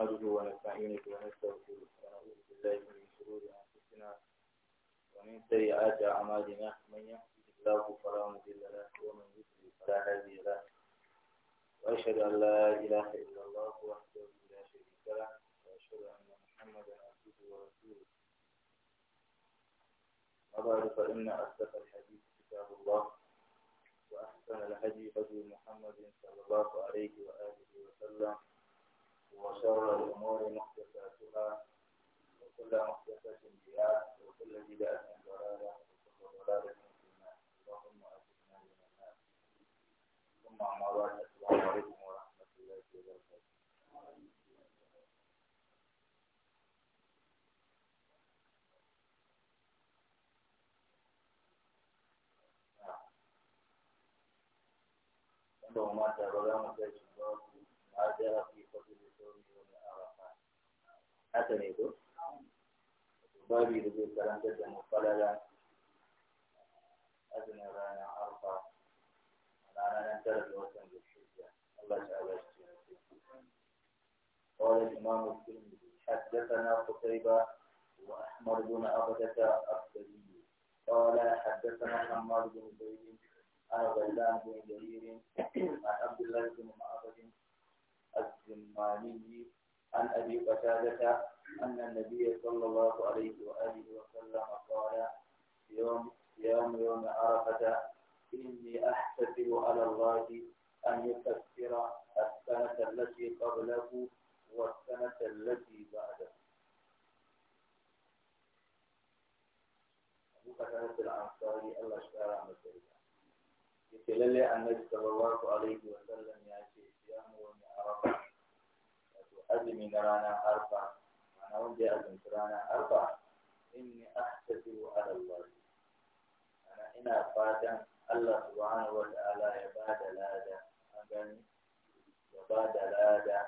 نحمده ونستعينه ونستغفره ونعوذ بالله من شرور انفسنا ومن سيئات اعمالنا من يهده الله فلا مضل له ومن يضلل فلا هادي له واشهد ان لا اله الا الله وحده لا شريك له واشهد ان محمدا عبده ورسوله وبعد فإن أصدق الحديث كتاب الله وأحسن الهدي هدي محمد صلى الله عليه وآله وسلم وشر الأمور محدثاتها وكل محدثة بدعة وكل بدعة ضلالة وكل ضلالة في النار اللهم أجرنا من النار ثم أما بعد السلام عليكم ورحمة الله وبركاته وما تبغى متى شباب ما جاء في haka ne ko babi da zai karanta da mafalala azumin ranar arfa ranar tara da watan قال الإمام الترمذي حدثنا قتيبة وأحمد بن عبدة الضبي قال حدثنا حماد بن زيد عن غيلان بن جرير عن عبد الله بن معبد الزماني عن أبي قتادة أن النبي صلى الله عليه وآله وسلم قال يوم يوم يوم عرفة إني أحتسب على الله أن يكفر السنة التي قبله والسنة التي بعده. أبو قتادة الأنصاري الله اشترى عن يقول لي النبي صلى الله عليه وسلم يا شيخ يوم يوم عرفة azumi na rana arfa ma'ana wanda ya azumci rana arfa inni ahsadu ala Allah ana ina fatan Allah subhanahu wa ta'ala ya ba da lada an gani ya ba da lada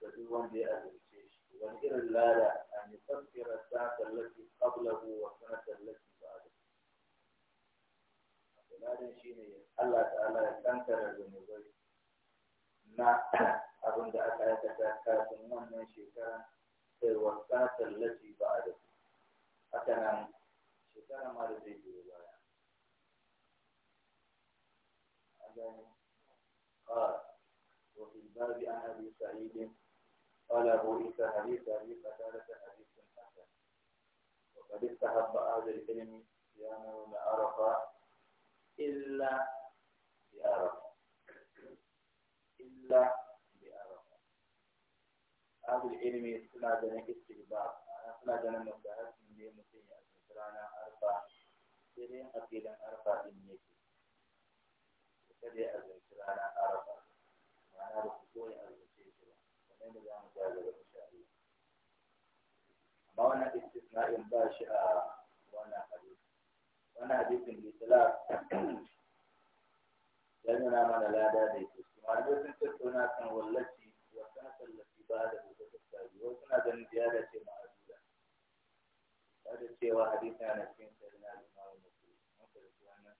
ga duk wanda ya azumce shi wani irin lada an yi tafsira sa'ata allati qablahu wa sanata allati ba'dahu ladan shine Allah ta'ala ya kankara zunubai na abin da aka aikata kafin wannan shekara sai wasa tallafi ba a da su haka nan shekara ma da zai biyo baya قال وفي الباب عن ابي سعيد قال ابو عيسى حديث ابي قتاده حديث حسن وقد استحب اهل العلم صيام يوم عرفه الا بعرفه إلا بأرقى أهل العلم سنة جنة استقبال سنة جنة مبتهد من دي مسيح أسنسرانا أرقى سنين قتيلا أرقى إنيكي وكذي أسنسرانا أرقى معنى بخصوص أسنسرانا ومن ذا مجالب إن شاء الله ما وانا استثناء باشا وانا حديث وانا حديث بإطلاق لأننا من لا دادي تسلم malamai sun tattauna kan wallaci wa sanatar lati ba da buɗe tattali wasu na ganin da ya dace ma'azula ta da cewa hadisi na cikin sarina da mawa mutu maka da wannan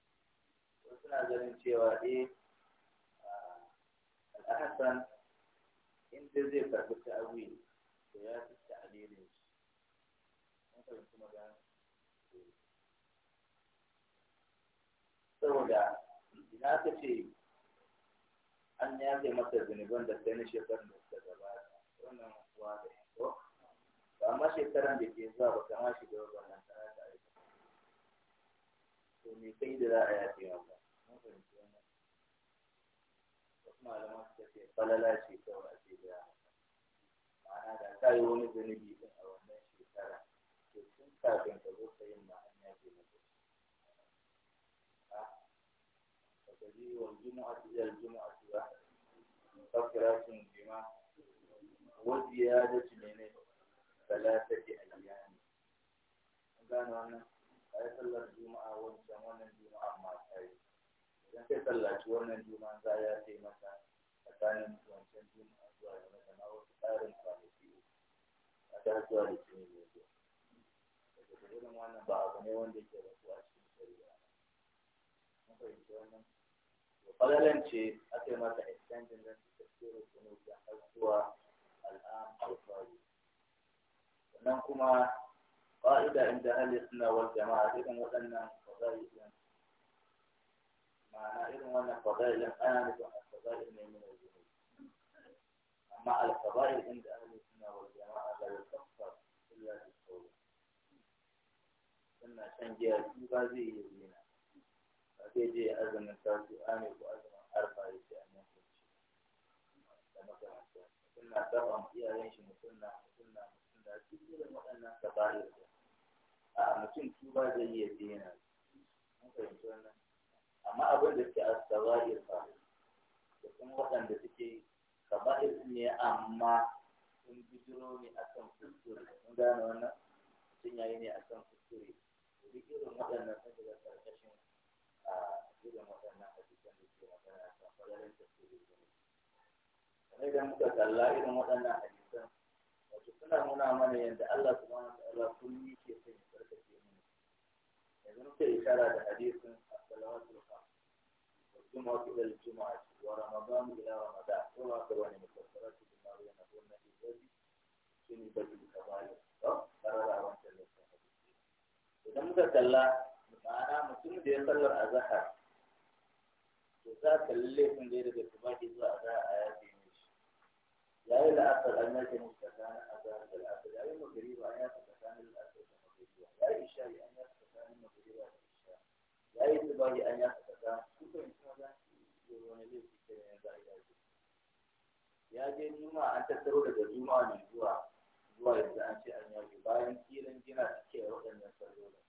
wasu na ganin cewa eh al'ahasan in dai zai karɓi ta'awi to ya fi ta'alirin shi an karɓi magana saboda ina ka ce an yafe masa zunuban da sai na shekarar da suka gabata wannan kuwa da yanko ba ma shekaran da ke zuwa ba kama shi da wannan tara da aiki to me kai da za a yafe mata mun fahimci wannan wasu malaman suka ce falala ce kawai a ce da ma'ana da ka yi wani zunubi din a wannan shekara to tun kafin ka zo التشريع والجمعة إلى الجمعة فقرة بما وزيادة من ثلاثة أيام gano wannan a yi sallar juma'a wancan wannan juma'a ma ta yi idan kai sallaci wannan juma'a za ya ce masa tsakanin wancan juma'a zuwa da masa na wasu tsarin kwanaki a ta zuwa da ke ne zuwa ba abu ne ke rasu a cikin shari'a na falalan ce aka yi mata extending don su tafsirin kunu da har zuwa al'am alfari sannan kuma ƙa'ida inda ahli suna wal jama'a irin waɗannan fadailin ma'ana irin wannan fadailin ana nufin al-fadail ne min al-junub amma al-fadail inda ahli suna wal jama'a la yukaffar illa bi qawli sannan shan giya ba zai yi sai dai azumin sarki ame ko azumin arfa ya ce a nan da makaranta mutum na ma iyayen shi mutum na mutum na mutum na su irin waɗannan sabari a mutum ba zai iya daina mun fahimci wannan amma abin da suke a sabari fa da kuma waɗanda suke sabari ne amma sun bijiro ne a kan kuskure mun gane wannan ya yi ne a kan kuskure duk irin waɗannan sun shiga ƙarƙashin idan muka kalla irin waɗannan hadisan wato suna nuna mana yadda Allah subhanahu wa ta'ala kullum yake son ya tsarkake mana yanzu muka ishara da hadisin as-salawatu al-khams wa jumu'atu ila al-jumu'ati wa ramadan ila ramadan ko ma ka wani mufassaratu da mariya na gona da zabi shine bakin kabali to karara wancan lokacin idan muka kalla ma'ana mutum da ya sallar a zahar to za ka laifin da ya daga kuma ke zuwa a zahar a yafi ne shi ya yi la'asar an yake musu tsakanin a zahar da la'asar ya yi magari ba an yasa tsakanin la'asar da magari ba ya yi shari an yasa tsakanin magari ba da isha ya yi tubahi an yasa tsakanin kusan kaza da wani laifin da ya zai yaji ya je juma'a an tattaro daga juma'a mai zuwa zuwa yanzu an ce an yaji bayan kiran gina cike waɗannan sallolin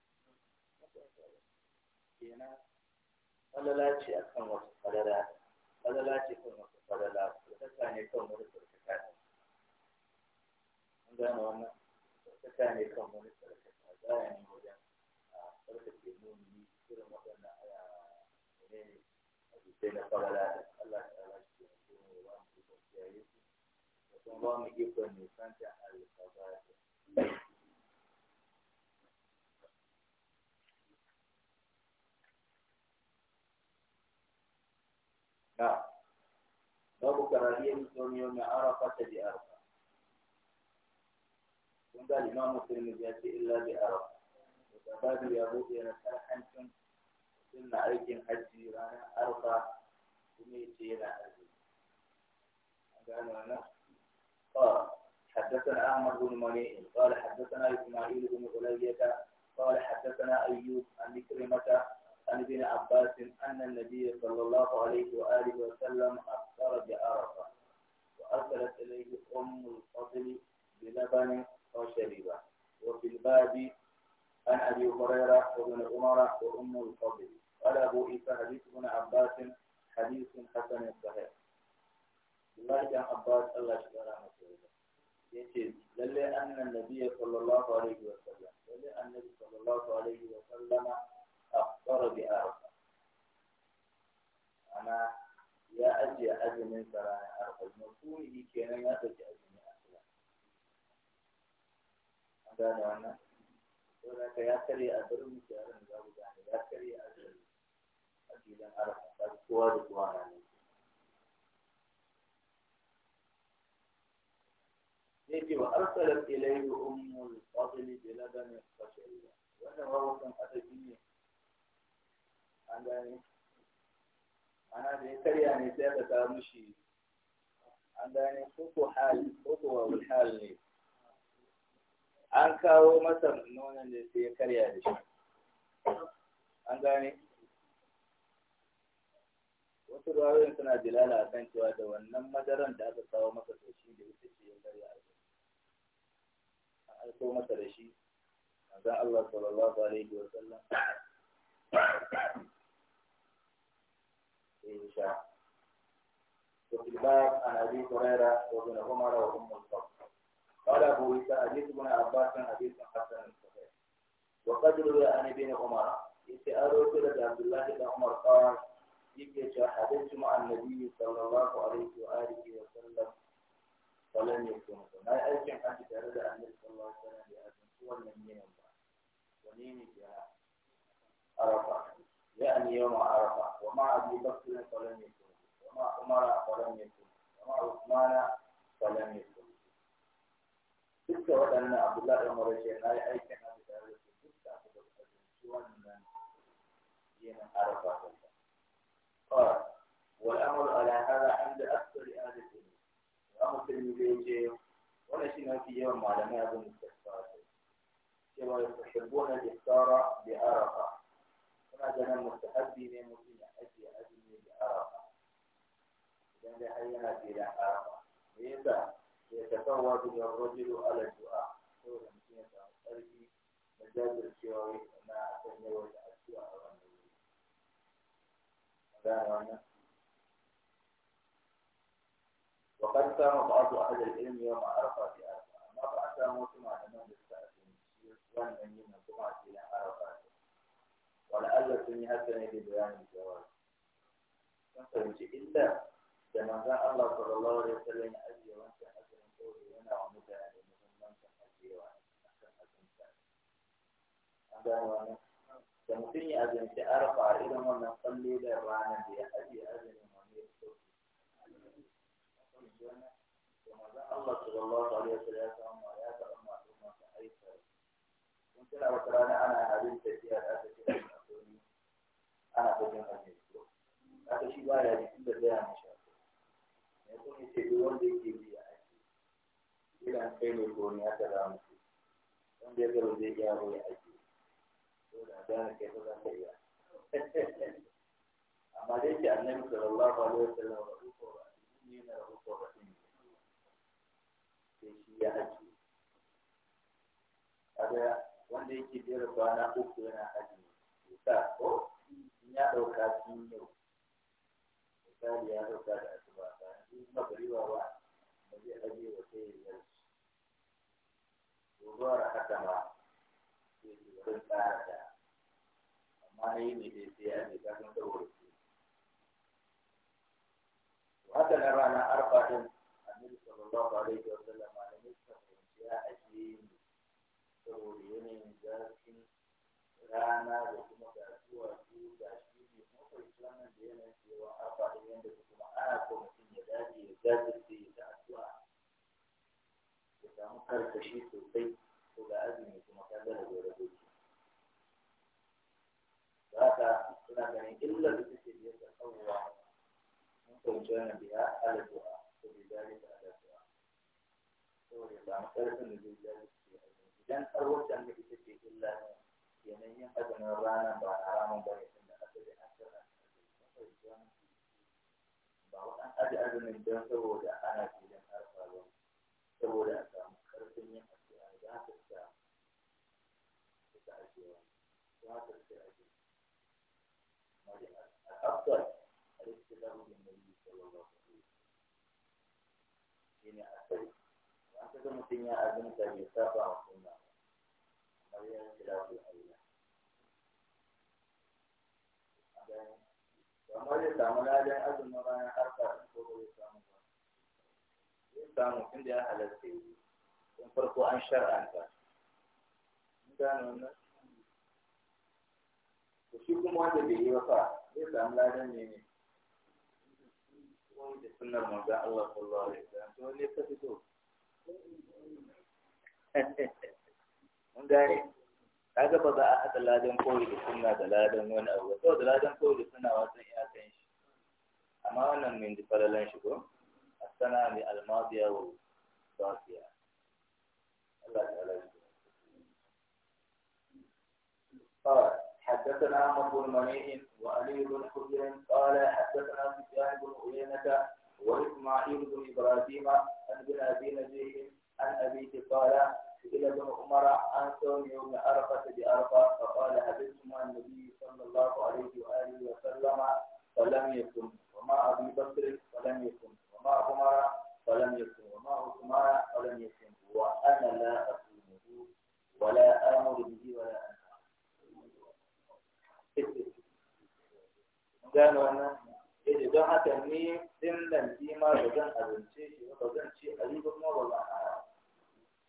kenan falala akan wasu falala falala kan wasu falala kyautata ne kan wani kyautata ne an wannan kyautata ne kan wani kyautata za a yi wajen tsarkake mumini irin ya ne ne a jisai na falala da Allah ta ala shi ne ko ne ba mu ikon kiyaye su da kuma ba mu ikon nisanta alfabata نعم باب كراهية نسون يوم عرفة بأرفة عند الإمام الترمذي إلا بأرفة وباب يابوك ينسأل حنشن سنة أيكين حجي رانا أرفة وميتي ينا أجي قال أنا قال حدثنا أحمد بن منيع قال حدثنا إسماعيل بن غلية قال حدثنا أيوب عن كريمة عن ابن عباس أن النبي صلى الله عليه وآله وسلم أفطر بعرفة وأرسلت إليه أم الفضل بلبن وشريبه وفي الباب عن أبي هريرة وابن عمر وأم الفضل قال أبو إيسى حديث ابن عباس حديث حسن صحيح الله يا عباس الله سبحانه وتعالى يقول للي أن النبي صلى الله عليه وسلم للي النبي صلى الله عليه وسلم ضرب آخر أنا يا أجي أزمن ترى أرقى المفهوم كان يا أجي أزمن أسلا أنا وأنا وأنا يا كري أدرم كأنا جابوا جاني يعني. يا كري أدرم أجي لن أرقى أذكر دوانا يجي وأرسلت إليه أم الفضل بلبن القشعرية وأنا وهو كان أتجيني an gane ana da ya karya ne sai aka samu shi an gane koko hal koko wa hal ne an kawo masa nonon da sai ya karya da shi an gane wasu ruwayoyin suna dilala a kan cewa da wannan madaran da aka kawo masa da shi da ita ce ya karya a An aiko masa da shi a Allah sallallahu alaihi wa sallam إن شاء وفي الباب عن أبي هريرة وابن عمر وأم الفضل قال أبو عيسى حديث ابن عباس حديث حسن صحيح وقد روي عن ابن عمر استعاروا رسول عبد الله بن عمر قال جئت حدثت مع النبي صلى الله عليه وآله وسلم ولم يكن ما أجمع حديث عن النبي صلى الله عليه وسلم لأجل هو من ينبع ونيني جاء أربعة يعني يوم عرفة وما أبي بكر فلم يكن وما عمر فلم يكن وما عثمان فلم يكن تلك أن عبد الله عمر شيخ أي أي كان في ذلك تلك عبد الله عمر شيخ قال والأمر على هذا عند أكثر أهل الدنيا الأمر في المجيء ونشينا في يوم ما لم يكن استخفاته كما يحبون الإفطار بعرفه أجل المتحدي نموتين أجل أجل نبي أرقى إذن لحينا في لحارقة إذن يتفوض للرجل على الدعاء أولا مكينة أصدره مجال الشعور ما أتنى والأسوء على النبي وقد كان بعض أهل العلم يوم أرقى في ما بعد كان مطمع أمام الساعة المشير وأن أمين أرقى في ولعل sun yi haka ne da bayanin jawab sun fahimci illa da manzan Allah sallallahu alaihi wasallam ya ajiye wancan azumin dole yana wa mutane muhimmancin ajiyewa akan azumta an gane wannan da mutum ya azumci arafa a irin wannan tsalle da ranar da ya ajiye azumin wani ya fito da manzan Allah sallallahu alaihi wasallam ya samu ya taɓa masu masu aikata kun tana wata rana ana abin tafiya da aka ce ana kudin da su haka shi ba ya jikin da zai hana shi ne kuma ce duk wanda yake bi a ake idan kai mai goni haka za mu wanda ya gaba zai ya ake ko da gane kai ba za ka iya amma dai ke annabi sallallahu alaihi wasallam rahuko rahim ne na rahuko rahim sai shi ya ake kaga wanda yake biyar kwana uku yana ajiye ko ya ɗauka sun yau misali ya ɗauka da asuba ba in magariba ba ba zai aje wa sai ya yi gobuwar haka ba sai su zai tsara da amma na yi ne dai sai ya ne kafin saboda su haka na rana arfa din annabi sallallahu alaihi wa sallam malamai suka fahimci ya aje ne saboda yanayin zafi samu ladan azumin ranar arfa ko bai samu ba zai samu inda ya halatta yi tun farko an shar'anta gano nan to shi kuma wanda bai yi ba wasa zai samu ladan ne ne wani da sunnar manzo Allah sallallahu alaihi wasallam to ne ka fito mun gane kaga ba za a haɗa ladan koyi da sunna da ladan wani abu saboda ladan koyi da suna wasan iya kan أمانا من دفل ji شكرا shi ko asana bi almadiya قال حدثنا عمر بن منيع وعلي بن حجر قال حدثنا سفيان بن عيينة وإسماعيل بن إبراهيم عن بن أبي نجيح عن أبيه قال إلى بن عمر عن صوم يوم عرفة بعرفة فقال حدثنا النبي صلى الله عليه وآله وسلم فلم يكن مع أبي بكر فلم يكن ومع عمر فلم يكن ومع عثمان فلم يكن وأنا لا أكونه ولا آمر به ولا أنهى gano wannan yace don haka ni din nan ji ma ba zan abince shi ba zan ci ali ba kuma ba zan hara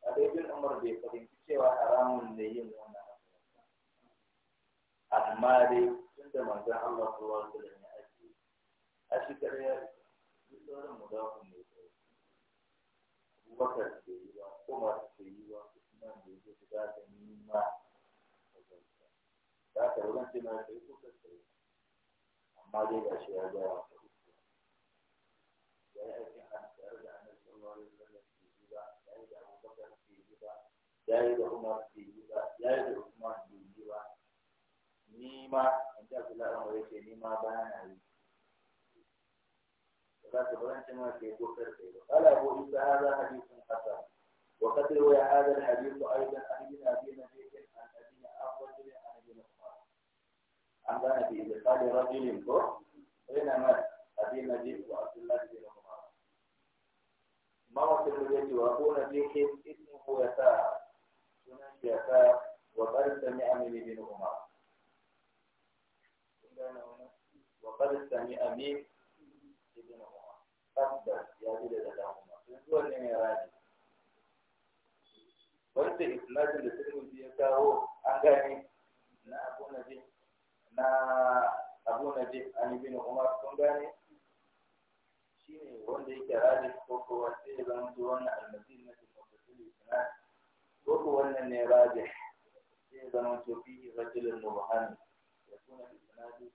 a daidai umar bai fahimci cewa haramun ne yin wannan amma dai tunda manzon Allah sallallahu alaihi wasallam a shi kare ya duk ku mai tsaye abubakar ke yi ba umar ke yi ba usman nima a amma ya da ba ya yi da abubakar ba ya yi da ba ya yi da ni ma in ta abdullahi umar ce ni ma ba na yi ألا أبو عيسى هذا حديث حسن وقد روي هذا الحديث أيضا عن ابن أبي نجيح عن أبي أفضل عن ابن عمر عن ذلك إذا قال رجل كفر بينما أبي نجيح وعبد الله بن عمر موت الذي وأبو نجيح اسمه يسار سنن يسار وقد سمع من ابن عمر وقد سمع من tabbas ya ji da damuwa sun zuwa ne ya rage wanda isnadin da turmuzi ya kawo an gane na abu na je na abu na je an ibn umar sun gane shine wanda yake rage ko ko wanda ya zama wannan almasir na mutum isnad ko ko wannan ne rage sai zama fi rajulun mubhami ya kuna isnadu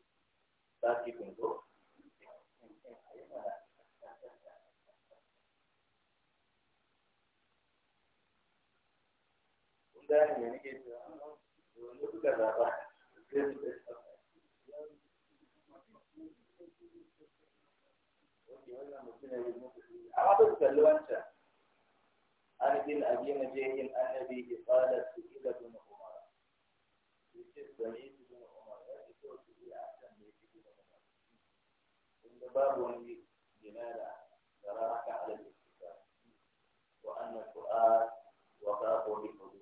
sakibin ko سهل يعني كده ونكتب بقى عرفت اللي انت عن ابن ابي نجيه عن ابيه قال سئل ابن عمر سمعت ابن عمر يقول سئل احسن من ابن عمر ان باب جلاله تراك على الاستفاده وان القران وفاق بكم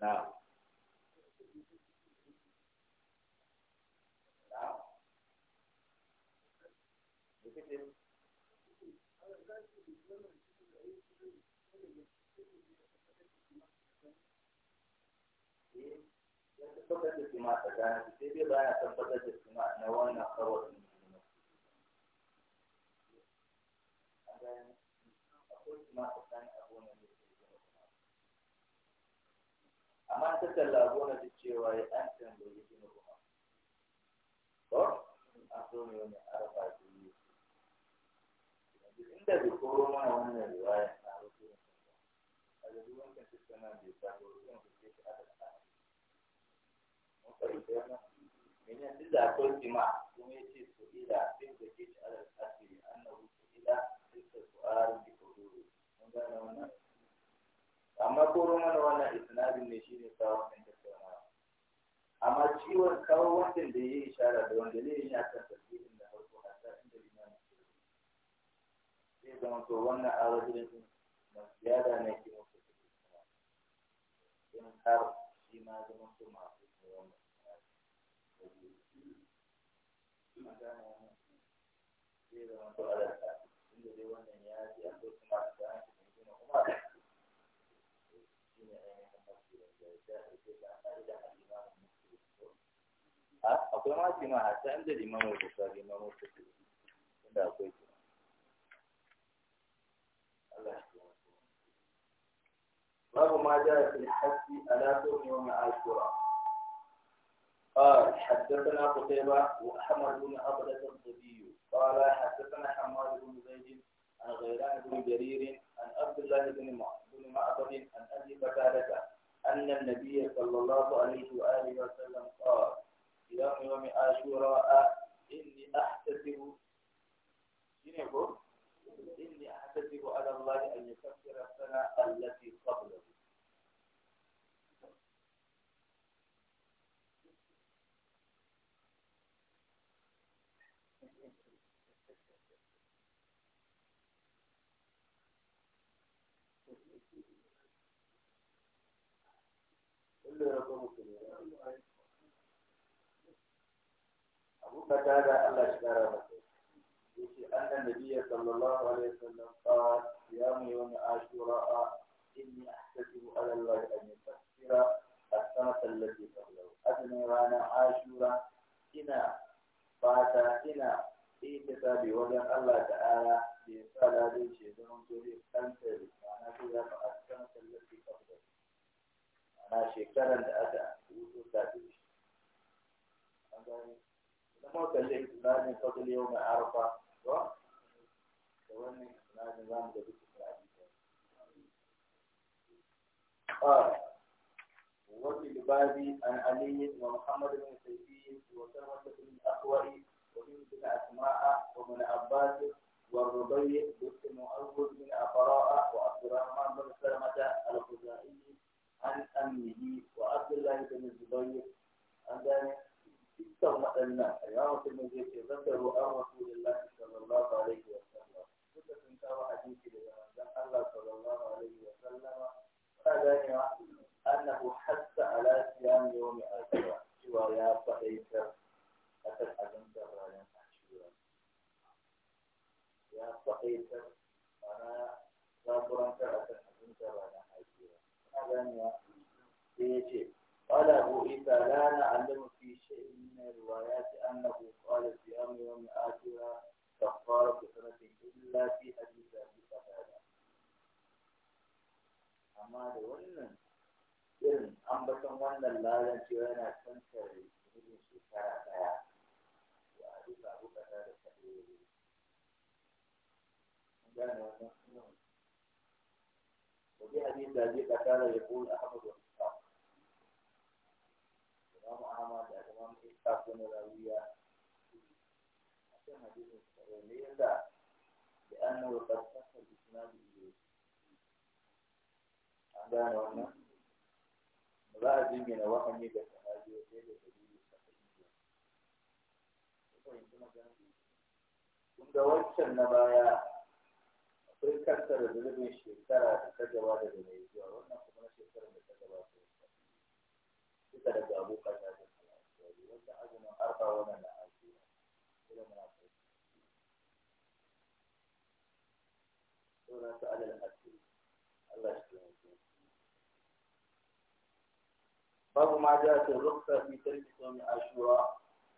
na tabbatar da kima tsakanin sai dai baya tabbatar da kima na wannan kawai akwai kima tsakanin wancan labona da cewa ya an tambayi gina ruwa. ko a so ne wani arafa da yi inda bai koro mana wannan riwaya na rufe a da duk wancan sistema bai ruwan da ke a da ta mun fahimta yana menyan duk da akwai jima kuma ya ce su ila duk da ke a da ta ce annabu su ila duk da su'arin da mun gane wannan amma koro mana wannan isnadin ne shine kawo kan tattaunawa amma ciwon kawo wannan da yayi ishara da wanda ne ya kan tafsirin da farko hatta inda limamin ke zai zama to wannan awajin na ziyada ne ke mutu in har shi ma zama to masu wannan zai zama to alaƙa inda dai wannan ya ji a kuma da kuma akwai ma jima a ta inda limamu da ta limamu ta inda akwai jima babu ma ja fi hasi ala sunni wa ma'ashura قال حدثنا قتيبة وحمد بن عبدة الطبي قال حدثنا حماد بن زيد عن غيران بن جرير عن عبد الله بن معبد عن أبي قتادة أن النبي صلى الله عليه وآله وسلم قال صيام يوم عاشوراء إني أحتسب شنو إني أحتسب على الله أن يكفر السنة التي قبله كل رقم قتادة الله شكرا يقول أن النبي صلى الله عليه وسلم قال صيام يوم عاشوراء إني أحتسب على الله أن يكفر السنة التي قبله أدني رانا عاشوراء إنا فاتا إنا إيتسابي وجن الله تعالى بإنسان هذه الشيطان دون تريد أن تريد أنا كذا السنة التي قبله أنا شكرا لأتى وجود ذاتي kuma kalli isnadin fadl yawm arfa to da wannan isnadin zamu ga duk isnadin قال وفي الباب عن علي ومحمد بن سيدي وسلمة بن الأخوئ وابن بن أسماء وابن عباس والربيع بن مؤوز بن أفراء وعبد الرحمن بن سلمة الخزاعي عن أمه وعبد الله بن الزبير عن ذلك استغمأ الناس عرف المجيب ذكروا عن رسول الله صلى الله عليه وسلم كنت تنكر حديث الله صلى الله عليه وسلم فأذن أنه حث على صيام يوم عاشوراء ويا صحيح أتت أجمع الرايان عاشوراء يا صحيح gane wannan ba za a jingina wahayi da sahabi ya sai da dalili sahihi kun ga wancan na baya akwai kansa da zunubin shekara da ta gabata da mai zuwa wannan kuma na shekarar da ta gabata da duka daga abokan da ta kalasi wanda azumin arba wannan na ajiya ilimin akwai. Sauransu alal babu ma ja ta ruksa fi tarki sawmi ashura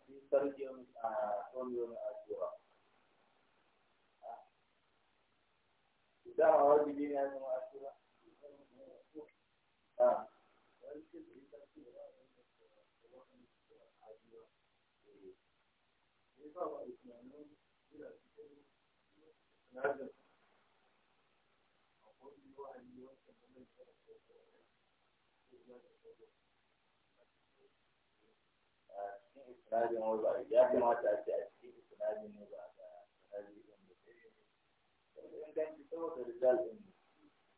fi tarki yawmi sawmi yawmi ashura dama wajibi ne ya zama ashura ah cikin isnadin wai ya kamata a ce a cikin isnadin ne ba ga sahabi din da sai saboda inganci saboda rijal din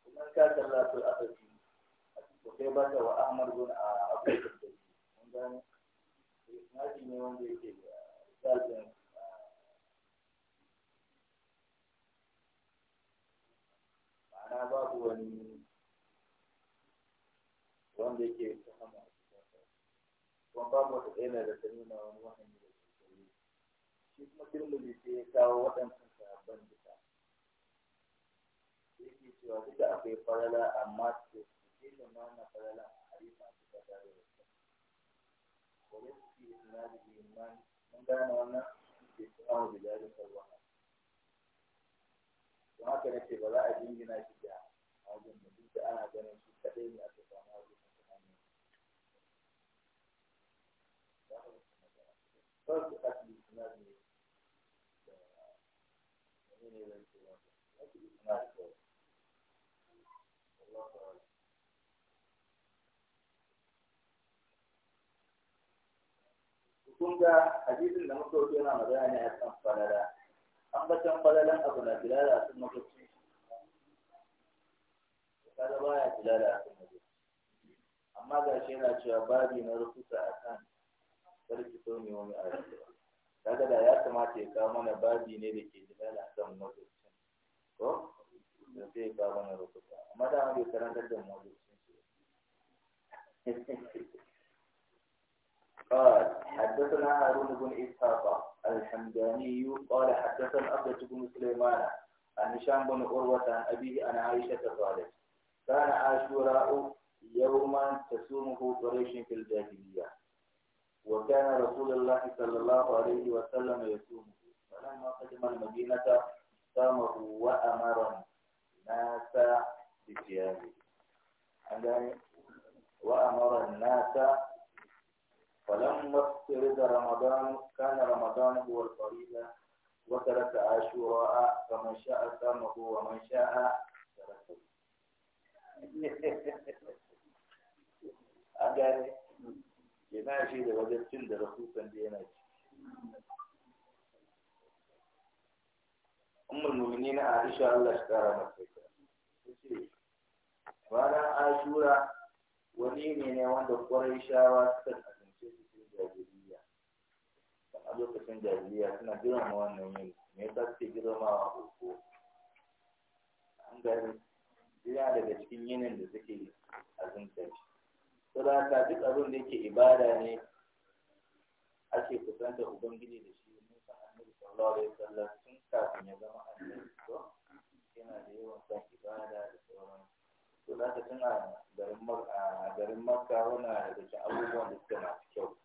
kuma in ka kalla su a tafi cikin sai ba ta wa Ahmad bin Abu Bakr mun gane isnadi ne wanda yake da rijal ma'ana babu wani wanda yake kuma babu wata ɗaya da ta nuna wani wahayi da ke gare shi kuma tirmidhi sai ya kawo waɗancan sahabban duka yake cewa duka akwai farala amma ce ke da mana farala a harifa su ka tare da su wani su ke sinadari iman mun gane wannan ke suna da jarin sarwa don haka nake ba za a jingina shi da wajen da duka ana ganin shi kaɗai ne a kai فرق قتل الإسلام kun ga hadisin da muka wuce yana magana ne a kan falala an falalan abu na bilala a sun magana kada baya bilala a sun magana amma ga shi yana cewa babi na rufuta a kan sarki so ne wani a kaga da ya kamata ya kawo mana babi ne da ke jidala kan wajibcin ko da sai ya kawo mana rukuta amma da bai karantar da wajibcin shi قال حدثنا هارون بن إسحاق الحمداني قال حدثنا عبدة بن سليمان عن هشام بن عروة عن أبيه عن عائشة قالت كان عاشوراء يوما تصومه قريش في الجاهلية وكان رسول الله صلى الله عليه وسلم يصوم فلما قدم المدينة صامه وأمر الناس بصيامه وأمر الناس فلما افترض رمضان كان رمضان هو الفريضة وترك عاشوراء فمن شاء صامه ومن شاء تركه. ke na shi da wajen cin da rahusan da yana ci ummul mu'minin na Aisha Allah shi kara mata ita bayan Ashura wani ne ne wanda kwarai shawa suka kasance cikin jahiliya a lokacin jahiliya suna girma wannan yin me yasa suke girma a koko an gani yana daga cikin yinin da suke azumta shi saboda duk abin da yake ibada ne ake kusanta ubangiji da shi mun san annabi sallallahu alaihi wasallam tun kafin ya zama annabi to yana da yawan san ibada da sauran to da ka tuna garin makka garin makka yana da cikin abubuwan da suke masu kyau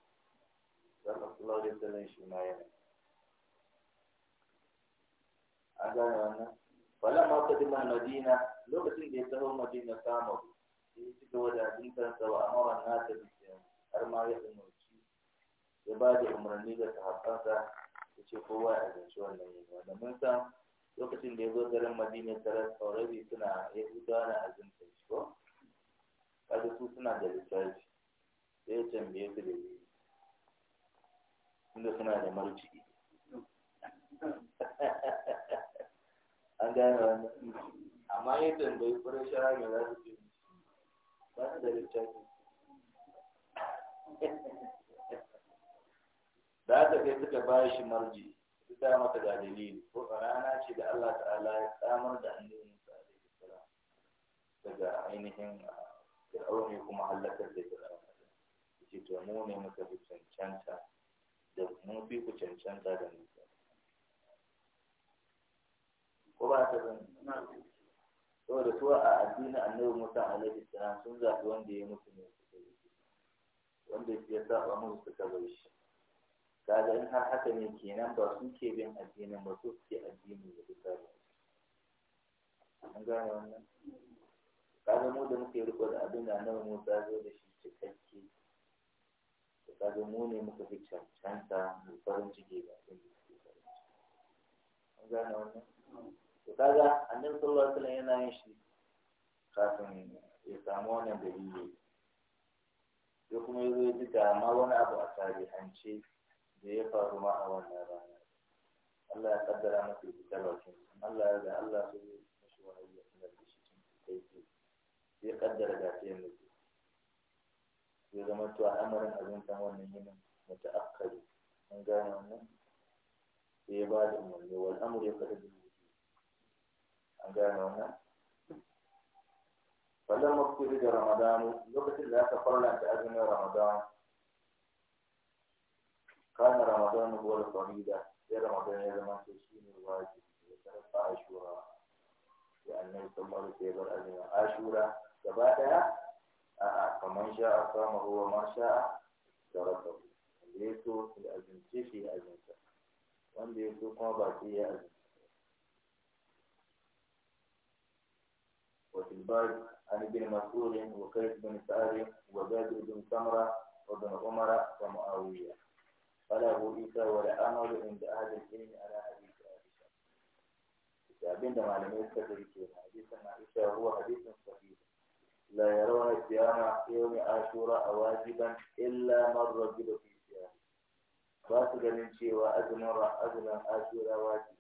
zaka sallallahu alaihi wasallam shi ma yana a gane wannan falamma kadima madina lokacin da ya taho madina samu sai ci gaba da hadisansa wa amara na ta bisiyar har ma ya umarci ya ba da umarni ga sahabbansa ya ce kowa ya azanci wannan yin wanda mun san lokacin da ya zo garin madina tare already suna ya huta na azumta shi ko kaga su suna da lissafi sai ya tambaye su da yi inda suna da marci an gane wannan amma ya tambayi furashawa ne za su ce ba da littafi da aka kai suka ba shi marji su ta mata ga dalili ko rana ce da Allah ta'ala ya samar da annabi Musa alaihi salam daga ainihin ah, aure kuma halakar da fir'auni ce to mu ne muka fi cancanta da mu fi ku cancanta da Musa ko ba ta zan saboda su a addinin annabi Musa alaihi salam sun zaɓi wanda ya mutu ne wanda ya saba musu suka bar shi kaga in har haka ne kenan ba su ke bin addinin ba su ke addinin da duka ba an gane wannan kaga mu da muke riko da abin da annabi Musa zo da shi cikakke kaga mu ne muka fi cancanta mu farin ciki ba abin da suke farin ciki an gane wannan to kaga annabi sallallahu alaihi wasallam yana yin shi kafin ya samu wannan dalili sai kuma ya zo ya ji ma wani abu a tarihance da ya faru ma a wannan rana Allah ya kaddara masa ya ta bakin Allah ya ga Allah su yi mashi wani ya sanar da shi cikin kai sai kaddara da ta yanzu ya zama a amarin abin san wannan yinin akari an gane wannan sai ya ba da umarni wani amur ya kaddara an فلما افترض رمضان لقت الله تقرنا بأذن رمضان كان رمضان هو الفريدة في رمضان يا زمان تشين الواجب وترفع عاشوراء لأنه ثم لسيب الأذن عاشوراء كبادها آه، آه، فمن شاء صامه ومن شاء تركه اللي يسوء الأذن تشي أذن وان يسوء ما بقي أذن الزبير عن ابن مسعود وقيس بن سعد وزيد بن سمرة وابن عمر ومعاوية قال أبو عيسى ولا امل عند أهل العلم على حديث عائشة كتابين دم على ميسة تركينا حديث عائشة هو حديث صحيح لا يرون صيام يوم عاشوراء واجبا إلا من رجل في صيامه فاسد من شيء واجمر اجمر عاشوراء واجب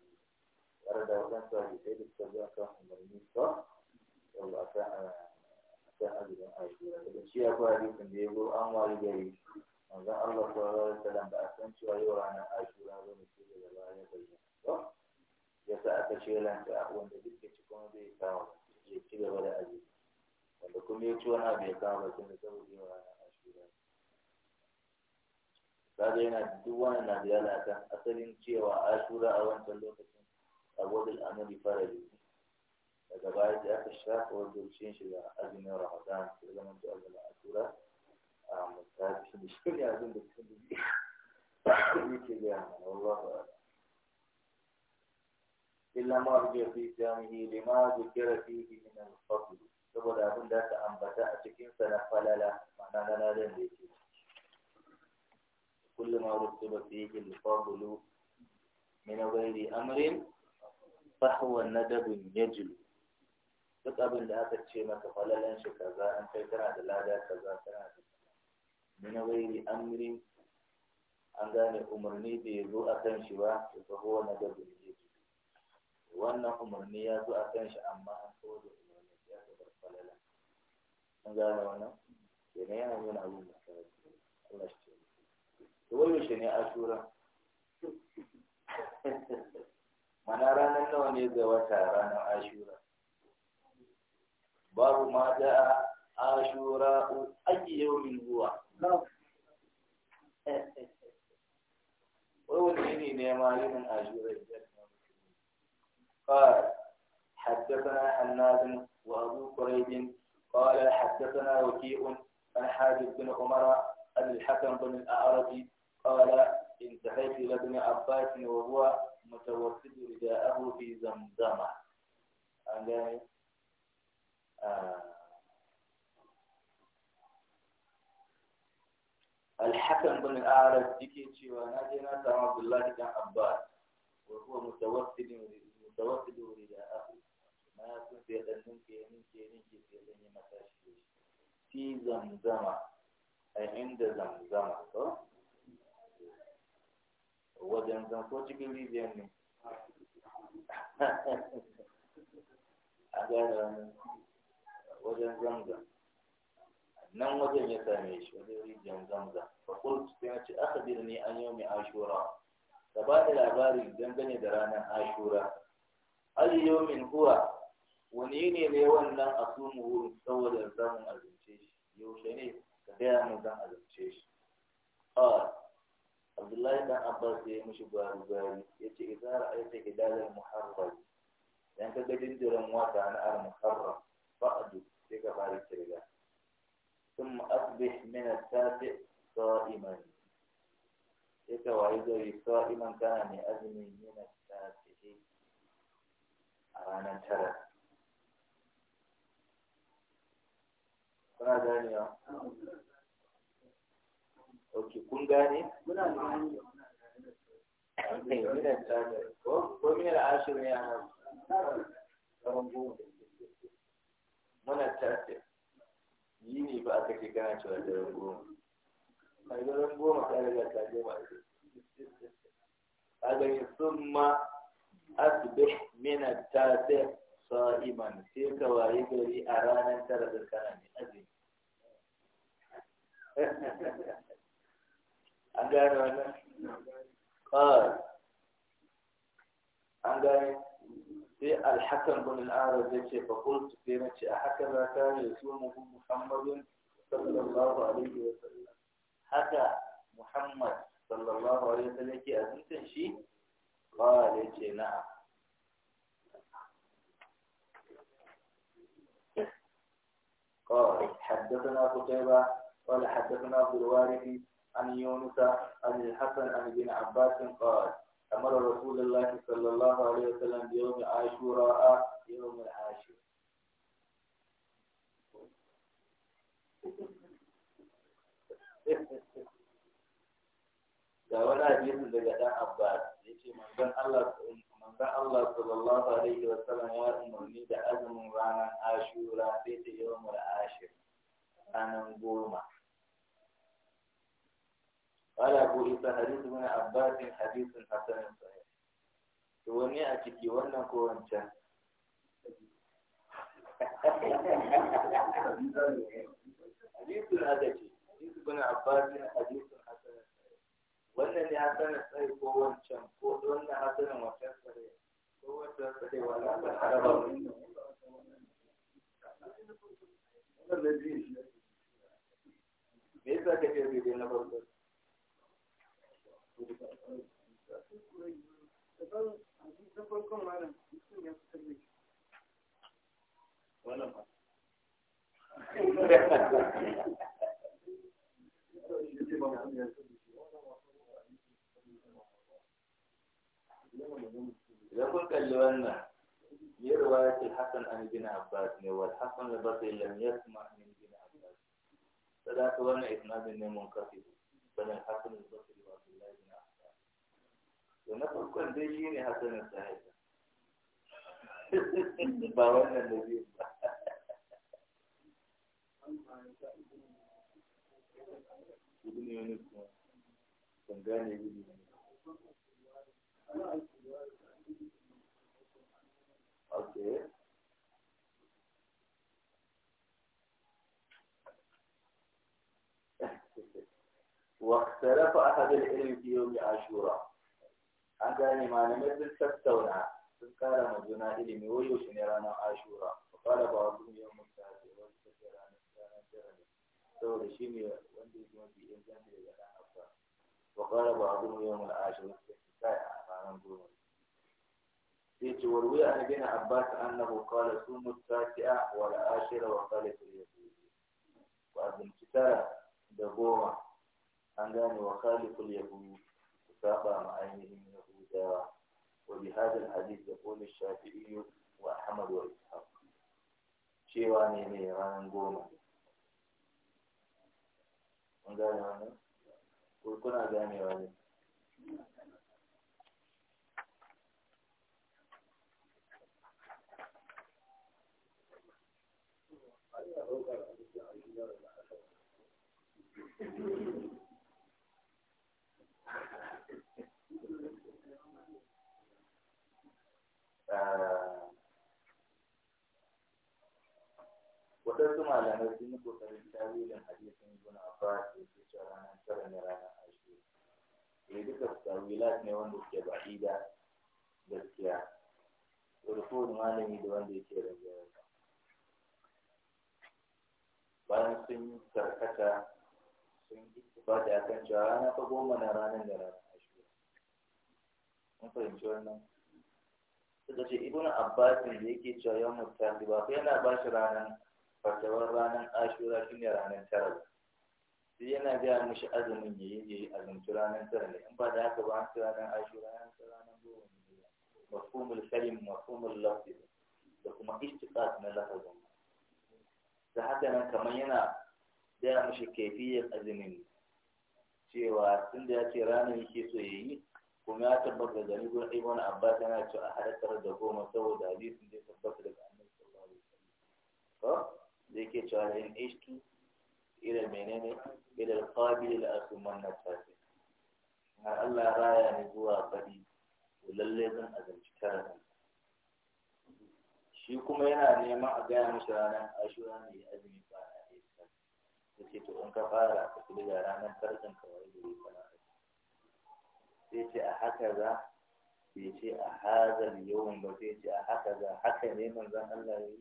ورد وكان صحيح سيد الصديق رحمه الله yau a kan azumin aisha daga shi akwai hadisin da ya zo an wari gari manzon Allah sallallahu alaihi wasallam ba a san cewa yau ranar aisha ba ne sai daga baya bayyana ya sa aka shelanta wanda duk da cikin zai samu ya ci gaba da azumi wanda kuma ya ci wani abu ya kawo bakin da saboda yau ranar aisha kaga yana duk wannan na da akan asalin cewa ashura a wancan lokacin a gwadin amali farali daga baya sai aka shafa wanda wucin shi da azumin ramadan sai zama to azumin asura a mutafi da shi ne abin da sun yi yake gaya mana wallahu a'lam illa ma rubiya fi jami'i lima zikira fihi min al-fadl saboda abin da aka ambata a cikin sa na falala ma'ana na ladan da yake kullu ma rubiya fihi al-fadl min ghairi amrin فهو ندب يجلو duk abin da aka ce maka falalan shi kaza an kai kana da lada kaza kana da mina wayi amri an gane umarni bai zo a kan shi ba ya fa wani nadabun yake wannan umarni ya zo a kan shi amma an kawo da umarni ya ga bar falalan an gane wannan kenan yana nuna abin da Allah shi to wani shi ne ashura mana ranar nawa ne ga wata ranar ashura باب ما جاء عاشوراء أي يوم هو ووليني نيمالين عاشوراء قال حدثنا حناد وأبو قريب قال حدثنا وكيء عن حاجب بن عمر أن الحكم بن الأعرج قال انتهيت إلى ابن عباس وهو متوسد رداءه في زمزمة. آه، الحكم بن الأعرج يكي تشيوا ناجينا سام عبد الله بن عباس وهو متوسد متوسد أخي ما يكون في ذنب كيمين كيمين في ذنب في زمزم أي عند زمزم wajen zanko cikin rijiyar ne a wajen zamzam nan wajen ya same shi wajen rijiyar zamzam fakul sai ce aka birni an yi mai ashura ka ba da labari dangane da ranar ashura ayi yau min huwa wani ne ne wannan a sumu wurin saboda zamun azumce shi yaushe ne ka gaya mu zan azumce shi Abdullahi dan Abbas ya yi mishi gwari gwari ya ce idan ra'aita hidalar muharram yan ka ga jinjiran wata na al-muharram fa'adu sai ka fara kirga ثم أصبح من السابع صائما إذا وعيده صائما كان أزمي من السابع kuna gane wa ok kun gane muna gane ko minar ashirin ya hau muna tafiya yi ne ba aka ce kana cewa daren goma a daren goma ka riga ka je ba a gani sun ma asibih mina tafiya sa'iman sai ka waye gari a ranar tara da kana ne azumi an gane wannan an gane sai alhakan bin al'arar da ce fa kuntu sai na ce a haka za ta ne su mu muhammadin sallallahu alaihi wa sallam haka muhammad sallallahu alaihi wa sallam yake azintan shi ba qala yace na'am قال حدثنا قتيبة قال حدثنا عبد الوارث عن يونس عن الحسن عن ابن عباس قال أمر رسول الله صلى الله mai وسلم بيوم عاشوراء يوم العاشر da wani hadisin daga dan Abbas ya ce manzon Allah manzon Allah sallallahu alaihi wa ya umarni da azumin ranar Ashura sai da yawmul Ashir ranar goma قال أبو إيسى حديث ابن عباس حديث حسن صحيح وني أكيد وانا كونتا حديث الأدبي حديث ابن عباس حديث حسن صحيح وانا اللي حسن صحيح كونتا وانا حسن وانتا صحيح كونتا صحيح وانا حرب me yasa kake bibin na farko إذا قلت لأن في رواية الحسن عن ابن عباس والحسن البصري لم يسمع من ابن عباس فلا تولى إسناد منقطع بل الحسن البصري وعبد الله بن عباس to na farkon dai shi ne hasanin sa'ida ba wannan da biyu ba ibn yunus ban gane وكاني ما نمزل فاستولى فقال مجنى إلمي ويوش نيران عاشورا فقال بعضهم يوم الساعة والسفر عن السلام الجهد سورة شمي واندي جوندي إنسان بيجانا أفضل وقال بعضهم يوم العاشورا فقال بعضهم يوم العاشورا وروي عن ابن عباس انه قال صوم التاسعه والعاشره وخالف اليهود وابن الكتاب دبوما عن وخالف اليهود تتابع مع عينه من يهود الساعة وبهذا الحديث يقول الشافعي وأحمد وإسحاق شيواني ميران قوما من قال يعني وكنا جاني يعني Thank you. Eh, waɗansu malamai sun yi ƙoƙarin tarihin hadisin ibn Abbas da ke cewa ranar tara ne ranar ashirin. Eh duka su tawilat ne wanda ke suke ba'ida gaskiya. Rufun malami da wanda yake rage Bayan sun karkata sun yi ba da kan cewa rana ta goma na ranar da ranar ashirin. Mun fahimci wannan. suka ce ibn abbas ne da yake cewa yau mutane ba yana ba shi ranar fatawar ranar ashura shi ne ranar tara sai yana gaya mushi azumin ya yi ya yi azumci ranar tara ne in ba da haka ba an ci ranar ashura ranar tara ranar goma ne mafhumul kalim mafhumul lafzi da kuma istiqat na lafazin da haka nan kamar yana gaya mishi kaifiyar azumin cewa tun da ya ce ranar yake so ya yi kuma ya tabbata da ni gurin ibn abbas yana cewa a hada tara da goma saboda hadisin zai tabbata daga annabi sallallahu alaihi wasallam ko zai ke cewa da in ishtu ila menene ila alqabil la asuman nafsi na Allah raya ni zuwa fadi to lalle zan azanci karatu shi kuma yana neman a gaya mashi ranar ashura ne ya azumi ba a yi ta ce to in ka fara ka kula da ranar karzan kawai da ya fara sai ce a haka za bai ce a hazar yawan ba sai ce a haka za haka ne manzan Allah ya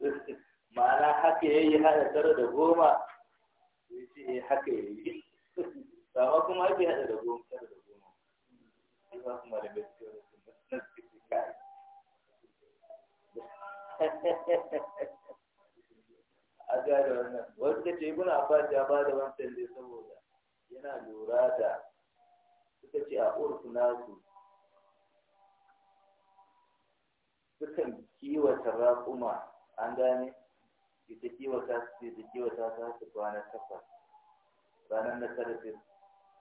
yi ma'ana haka ya yi haɗa tara da goma sai ce eh haka ya yi sama kuma ake haɗa da goma tara da goma sai ba kuma da gaskiya a ga da wannan wasu ka ce ibn abbas ya ba da wancan dai saboda yana lura da suka ce a urfu nasu sukan kiwata raƙuma an gane su ta kiwata su ta kiwata ta su kwana takwas ranar na tara sai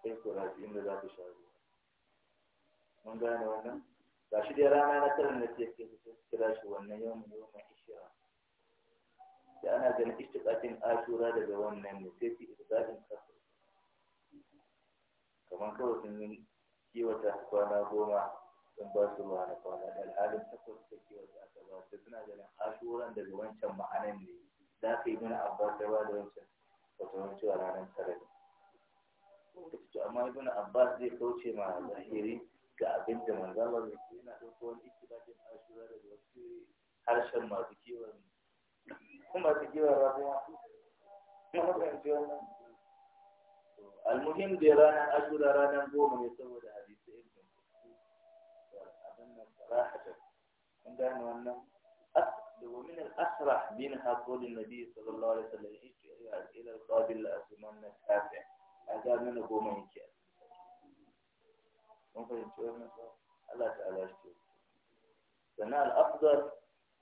sai su rafi inda za su sha ruwa mun gane wannan ga shi dai rana na tara na ce ke su kira shi wannan yawan yawan ishira da ana ganin istiqatin ashura daga wannan ne sai fi istiqatin kafir kamar kawai sun yi kiwata kwana goma sun ba su ruwa na kwana da al'adun takwas ta kiwata aka ba su suna ganin ashuran daga wancan ma'anan ne za ka yi mana abbas da ba da wancan wata wancan ranar tare ne to amma ibn abbas zai kauce ma zahiri ga abin da manzo Allah yana dauko wani istiqatin ashura daga wasu harshen masu kiwon المهم دي رانا أشهر رانا نقوم يسوي هذه ابن أظن ومن الأسرح منها قول النبي صلى الله عليه وسلم إلى القاضي لأسمان نتابع هذا من قوم ميكي ممكن تشوفنا الله تعالى يشتري سنة الأفضل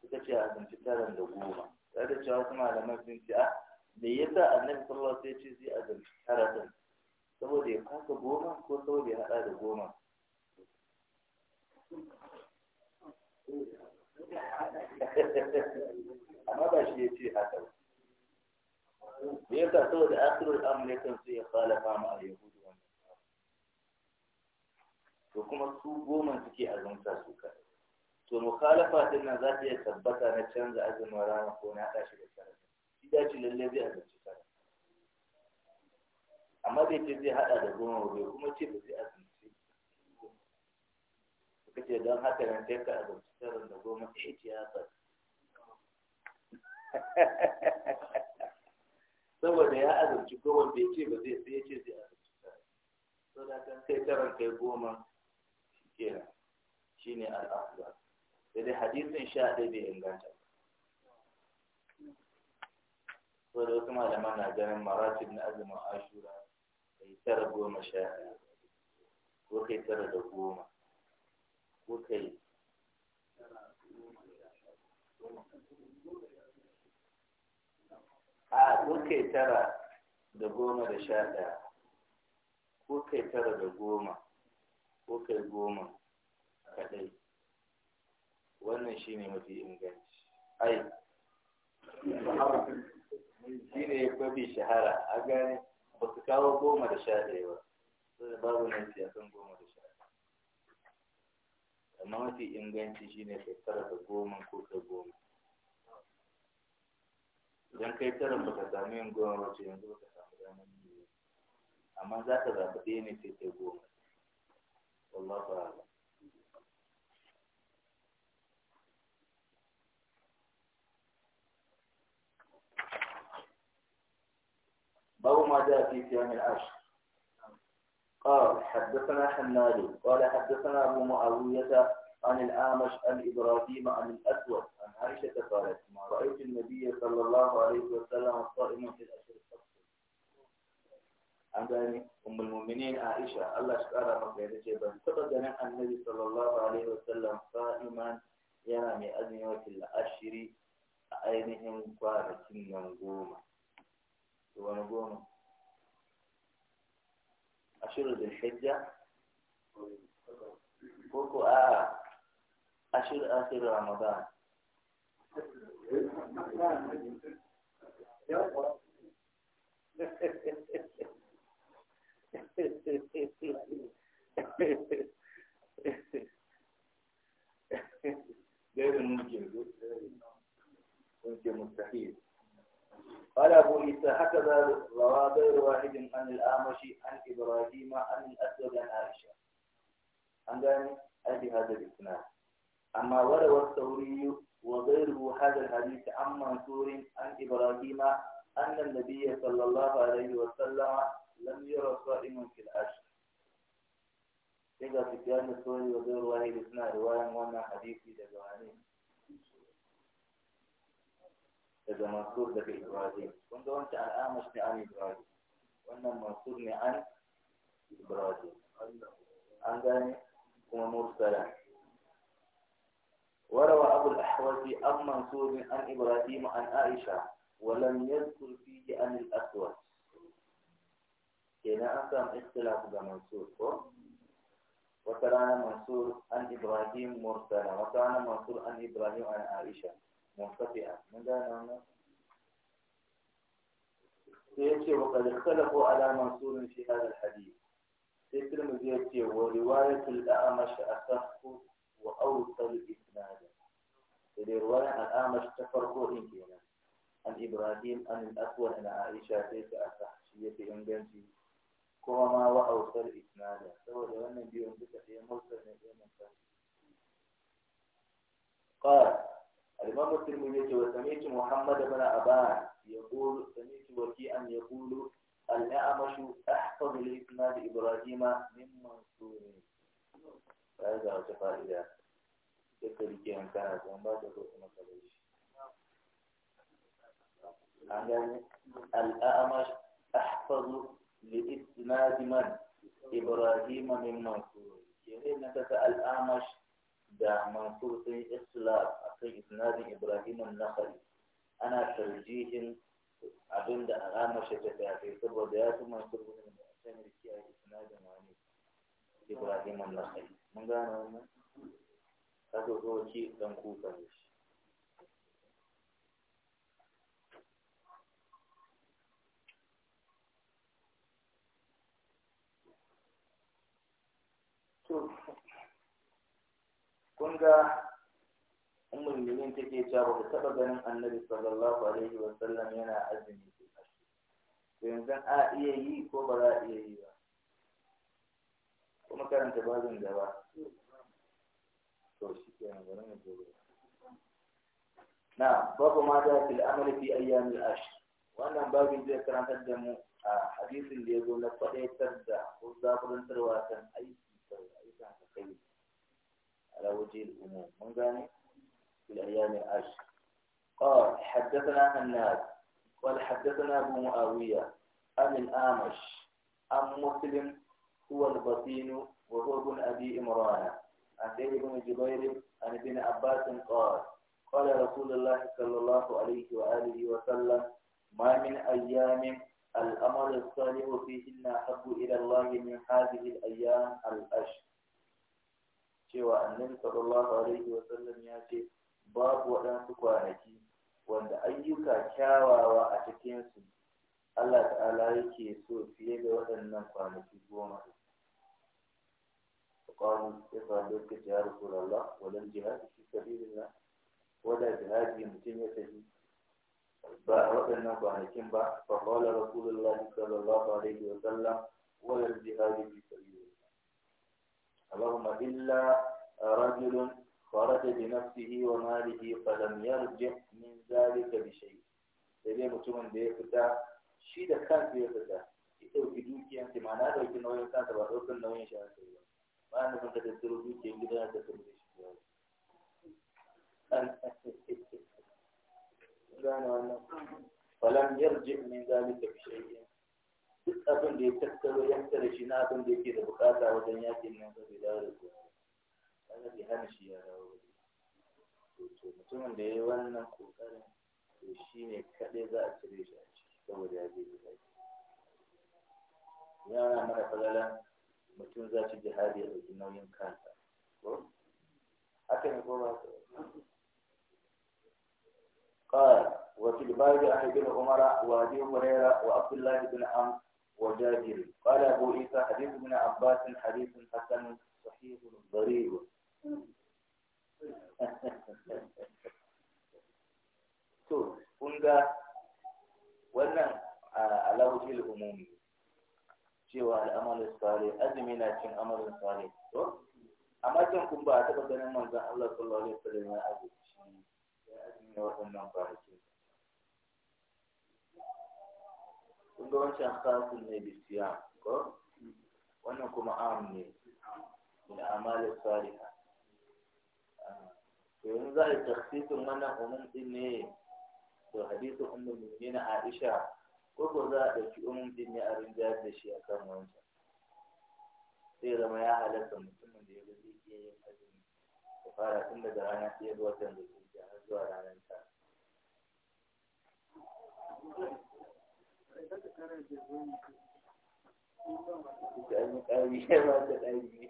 ita ce a tsinci taran da goma ta da cewa kuma malaman sun ce a ah, me yasa annabi sallallahu alaihi wasallam ce zai a tsinci tara din saboda ya kasa goma ko saboda ya hada da goma amma ba shi ya ce haka ba me yasa saboda akhirul ya san sai ya khalafa fama a yahud wa to kuma su goma suke zanta su kai to mukhalafa din nan za ta iya tabbata na canza azumin rana ko na haɗa shi da sarari shi da shi lalle zai azumci sarari amma bai ce zai haɗa da goma bai kuma ce ba zai Ba suka ce don haka nan sai ka azumci sarari da goma ɗaya ce ya ba. saboda ya azumci goma bai ce ba zai sai ya ce zai azumci sarari saboda kan kai taron kai goma shi ne shine sai dai hadisin sha ɗaya bai inganta Ko da wasu malaman na ganin maratib na azumin ashura kai tara goma sha ko kai tara da goma ko kai a ko kai tara da goma da sha ɗaya ko kai tara da goma ko kai goma kaɗai wannan shi ne mafi inganci ai shi ne mafi shahara a gane ba su kawo goma da sha ɗaya ba da babu nan siyasan goma da sha ɗaya amma mafi inganci shi ne kai tara da goma ko ka goma idan kai tara ba ka samu yin goma ba ce yanzu ba ka samu damar yi amma za ka zaɓi ɗaya ne sai kai goma wallah ba. باب ما جاء في صيام العشر قال حدثنا حماد قال حدثنا أبو معاوية عن الأعمش عن إبراهيم عن الأسود عن عائشة قالت ما رأيت النبي صلى الله عليه وسلم صائما في الأشهر الأفضل عن يعني أم المؤمنين عائشة الله شكرا مقيدة جبا تقدم النبي صلى الله عليه وسلم صائما ينامي أذن في الاشهر أينهم قالت من قومه ورجونا أشهر ذي الحجة كوكو آه أشهر آخر رمضان ده ممكن ممكن مستحيل قال أبو عيسى هكذا روى غير واحد عن الأعمش عن إبراهيم عن الأسود عن عائشة عندنا أبي هذا الإسناد أما وروى الثوري وغيره هذا الحديث عن منصور عن إبراهيم أن النبي صلى الله عليه وسلم لم ير صائما في العشر إذا في الثوري وغير واحد إسناد رواية وانا حديثي لجوانين إذا منصور daga ibrahim wanda wancan al'amash ابراهيم an ibrahim wannan ابراهيم عن an ibrahim an وروى أبو الأحوز عن منصور عن إبراهيم عن عائشة ولم يذكر فيه عن الأسود كنا أصلا اختلاف منصور وكان منصور عن إبراهيم مرسلا وكان منصور عن إبراهيم عن عائشة منقطعة من نعم سيأتي وقد اختلفوا على منصور في هذا الحديث سيترمز يأتي ورواية الأعمش أخف وأوصل إسنادا إذا الأعمش تفرقوا إن كنا عن إبراهيم عن الأسود عن عائشة تيت أخف شيء إنجنسي كما وأوصل إسنادا سوى لأن بيوم مرسل قال الإمام الترمذي وسميت محمد بن أبان يقول وكي وكيعا يقول الأعمش أحفظ لإسناد إبراهيم من منصور هذا هو فائدة تكتب كي أن كان زنبا تقول مثلا يعني الأعمش أحفظ لإسناد من إبراهيم من منصور يعني أنك الأعمش da masu sun islam a kan isnadin ibrahim nakhali ana tarjihin abin da alama shi ta tafi saboda ya fi masu rufin da a can riki a isnadin wani ibrahim nakhali mun gane wannan kaso kawai ci dan kuka shi kun ga ummul mu'minin take cewa ba taba ganin annabi sallallahu alaihi wa sallam yana azumi to yanzu a iya yi ko ba za a iya yi ba kuma karanta babin gaba to shi kenan bari mu na babu ma da fil amali fi ayyamil ash. wannan babin zai karantar da mu a hadisin da ya zo na faɗaitar da ko zaburantarwa kan أيام العشر قال حدثنا الناس قال حدثنا أبو معاوية عن الأعمش عن مسلم هو البطين وهو ابن أبي إمران عن سيد بن جبير عن ابن عباس قال قال رسول الله صلى الله عليه وآله وسلم ما من أيام الأمر الصالح فيهن أحب إلى الله من هذه الأيام الأشهر سوى النبي صلى الله عليه وسلم يأتي babu waɗansu kwanaki wanda ayyuka kyawawa a cikinsu Allah ta'ala yake so fiye da waɗannan kwanaki goma su kwanu ya faɗo da ci har kurala wadan jihadi shi sabirin na wadda jihadi mutum ya tafi ba a waɗannan kwanakin ba fa kwallar rasulullah shi sallallahu alaihi wa sallam wadda jihadi shi sabirin na allahumma illa خرج بنفسه وماله فلم يرجع من ذلك بشيء سيدي متومن بيكتا شي دكان بيكتا إتو بدوكي أنت معناه لو يكون نوعي كان تبعوك النوعي إن شاء الله ما أنك أنت تدرو بيكي إن قدر أنت تدرو بيكي لا أنا فلم يرجع من ذلك بشيء أبن دي تكتب ويحتر شناتن دي كده بخاطة ودنياتي من أنت في دارك kada bai hana shi ya dawo to mutumin da ya yi wannan kokarin to shi ne kaɗai za a cire shi a ciki saboda ya je jihadi yana mana falalan mutum za shi jihadi ya ɗauki nauyin kansa haka ne ko ba قال وفي الباب عن ابن عمر وابي هريره وعبد الله بن عمرو وجابر قال ابو عيسى حديث ابن عباس حديث حسن صحيح ضريب to kun ga wannan alahul umumi cewa al'amalin salih azumi na cin amalin salih to amma can kun ba a taɓa ganin manzon Allah sallallahu alaihi wasallam ya azumci ya azumi waɗannan kwanaki kun ga wancan khasun ne bisiya ko wannan kuma am ne da amalin salihah to yanzu za a yi tafsirin mana umum din ne to hadisu hadisin ummul mu'minin Aisha ko ko za a ɗauki umum din ne a rinjayar da shi a kan wancan sai zama ya halatta mutumin da ya ga zai iya yin azumi ya fara tun daga rana ɗaya zuwa can da zuciya har zuwa ranar ta da an yi ƙari ya ba ta ɗari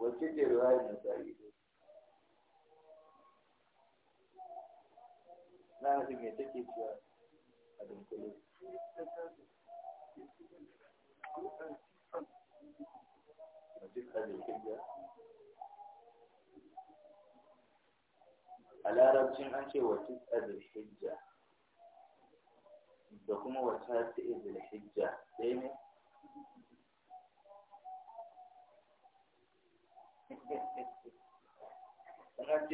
wacce ce riwayar nasari na nufin mai take cewa a dunkule a larabcin an ce wa tis'a da hijja da kuma wa tasi'a da hijja sai ne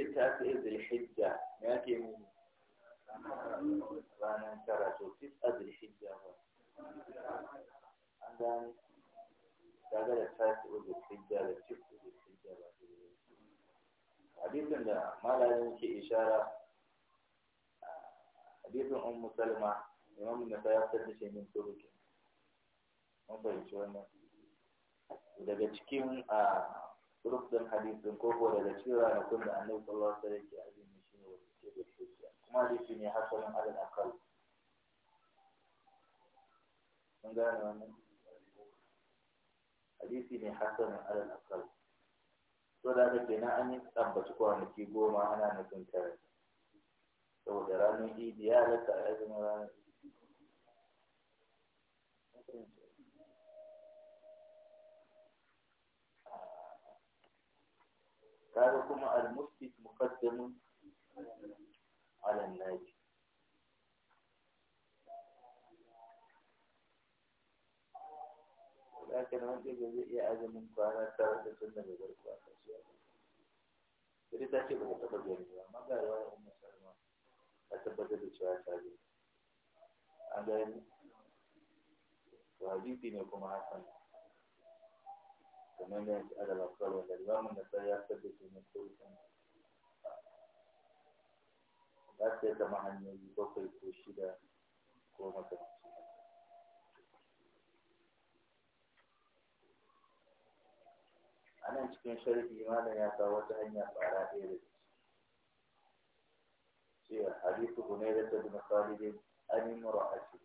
ce ta fi zirhijja ya ke mu ranar tara to fi a zirhijja ba an gani daga da ta fi zirhijja da fi zirhijja ba su yi ke ishara abin an musalma imam da ta yi sarki shi min turuki mafahimci wannan daga cikin a ah, turuk din hadisin ko ko daga cikin ranakun da annabi sallallahu alaihi wasallam ke azumi shine wanda ke da hujja kuma hadisi ne hasalin alal akal mun gane wannan hadisi ne hasalin alal akal so da haka kenan an yi tabbaci kwanaki goma ana nufin kare saboda ranar idi ya halatta a azumin ranar idi تاركما المسجد مقدم على الناجي ولكن هناك جزئ يا آدم كان تارك سنة بذلك وآخر شيء ما قال وايا أم سلمة أتبدل شوية هذه عندما واجبتني وكما حسن ثمانية على الأفضل والإمام النسائي يحتفل من كل سنة لا كما هني بقي كوشيدا كوما تمشي anan cikin sharhi malam ya kawo wata hanya fara ɗaya da ce hadithu hunaira ta bin khalid an imra'ati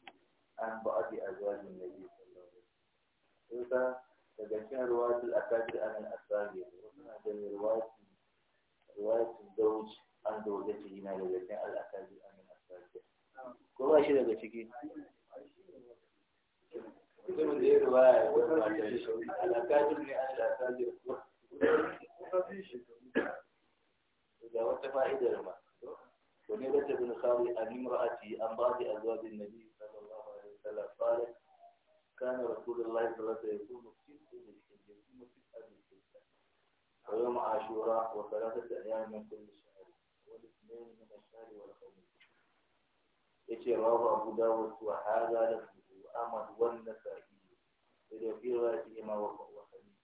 an ba'di azwajin nabi sallallahu alaihi wasallam daga cikin ruwayat al-akabir an al-asagir wannan da ruwayat ruwayat dauj an dauda ta yana daga cikin al-akabir an al-asagir ko ba shi daga ciki mutumin da ya ruwaya ya wata matar shi al-akabir ne an al-asagir ga wata fa'idar ma ونبت بن خالد عن امرأتي عن بعض أزواج النبي صلى الله عليه وسلم قالت كان رسول الله صلى الله عليه وسلم يصوم الست من الحجة يصوم الست من الحجة ويوم عاشوراء وثلاثة أيام من كل شهر والاثنين من الشهر والخميس يجي رواه أبو داود وهذا لفظه وأحمد والنسائي إذا في روايتهما وهو حديث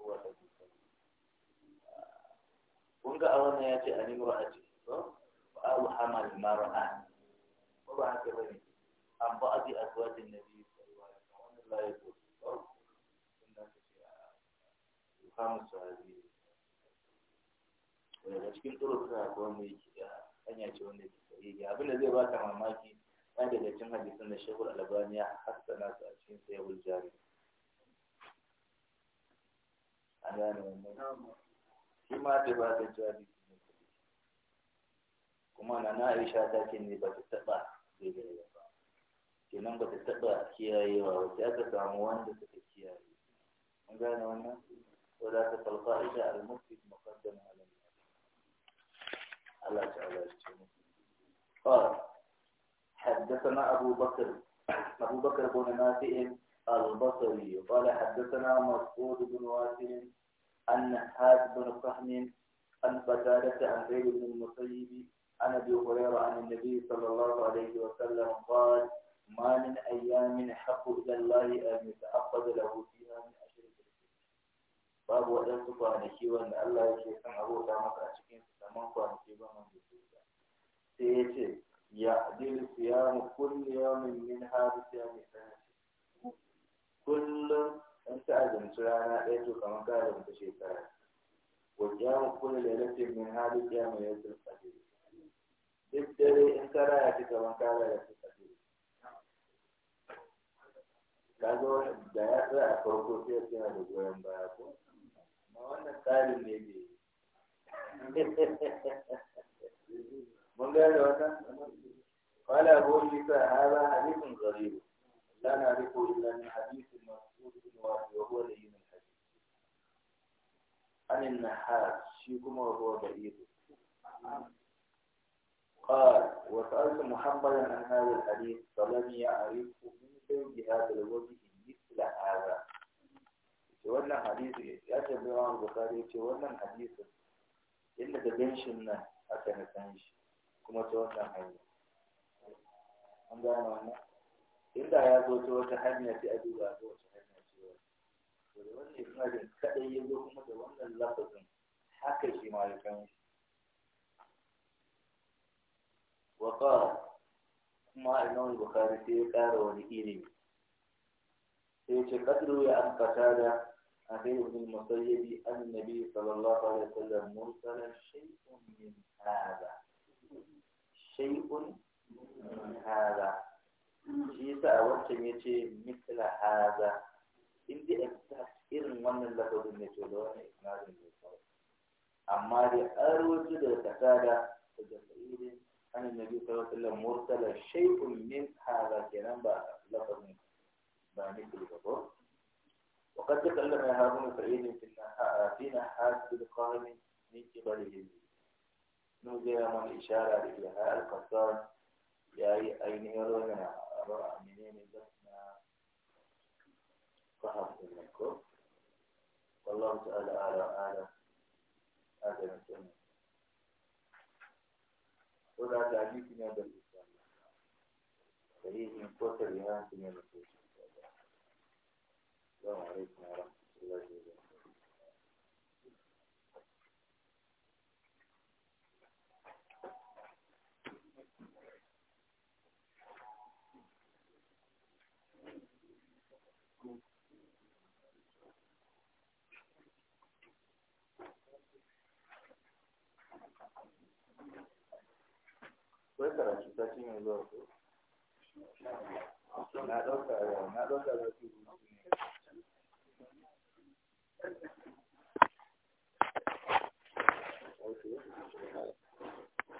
هو حديث kunga a wannan ya ce an yi mura'aci ba a hamal mara'a ba ba haka bane an ba a bi nabi لا يدرس الضرب إنك يقام الصحابي daga cikin turuka ko wanda yake da hanya ce wanda ke sahihi abin da zai baka mamaki ya daga cikin hadisin da shehul albani ya hassana su a cikin sayyul jari an gane wannan shi ma da ba ta jari kuma na na aisha ta ce ne ba ta taba daidai ba kenan ba ta taɓa kiyaye wa sai aka samu wanda ta kiyaye an gane wannan ولا تتلقى إذا المفسد مقدم على الناس الله تعالى قال حدثنا أبو بكر أبو بكر بن نافع البصري قال حدثنا مسعود بن واسع أن حاد بن فهم أن قتادة عن غير بن عن أبي هريرة عن النبي صلى الله عليه وسلم قال من أيام حق إلى الله أن يتعقد له فيها من أشر باب وأن تفانكي وأن الله يشيكم أبو تامك أشكين تمام فانكي ومن يسوك سيئتي يعدل صيام كل يوم من هذا الصيام الثاني كل أنت أجل سرانا إيتو كما قال أنت شيكرا وقيام كل ليلة من هذا الصيام يوم القدر duk dare in kara ya ci gaban kara ya ci kaga da ya tsaya a farko sai ya tsaya da goyon baya ko amma wannan tsarin ne bai mun gane wata qala abu isa hadha hadithun gharib la na'rifu illa min hadith mansur bin wahid wa huwa layyin al-hadith an na nahas shi kuma huwa da'if قال وسألت محمدا عن هذا الحديث فلم يعرفه بهذا الوجه مثل هذا wannan hadisi ya ce wa wa bukari ce wannan hadisin inda da ganshin nan aka na san shi kuma ta wannan hanya an gane wannan inda ya zo ta wata hanya sai a duba ta wata hanya ce wata da wannan isnadin kadai ya zo kuma da wannan lafazin haka shi ma ya san shi وقال ما إنه البخاري سيكار ونئيني سيكي قدروا يا أن قتادا أخير ابن المصيب أن النبي صلى الله عليه وسلم مرسل شيء من هذا شيء من هذا جيسا أول شميتي مثل هذا إندي أكتاك إرن من لفظ النتولون إكمال المصيب أما دي أروج دي قتادا وجسئيل أن النبي صلى الله عليه وسلم مرسل شيء من هذا الكلام بلفظ لفظ مثل بطور وقد تكلم هارون سعيد في نحاس بالقائم من قبله نوجه من إشارة إلى القصار يا أين يرون رأى منين لسنا فهم منكم والله تعالى أعلى أعلى هذا من sudah jadi punya berita. Jadi info terlihat punya berita. Lo harus Akwai karatu ta cin yanzu a ko? Na ɗauka na ɗauka za su Okay.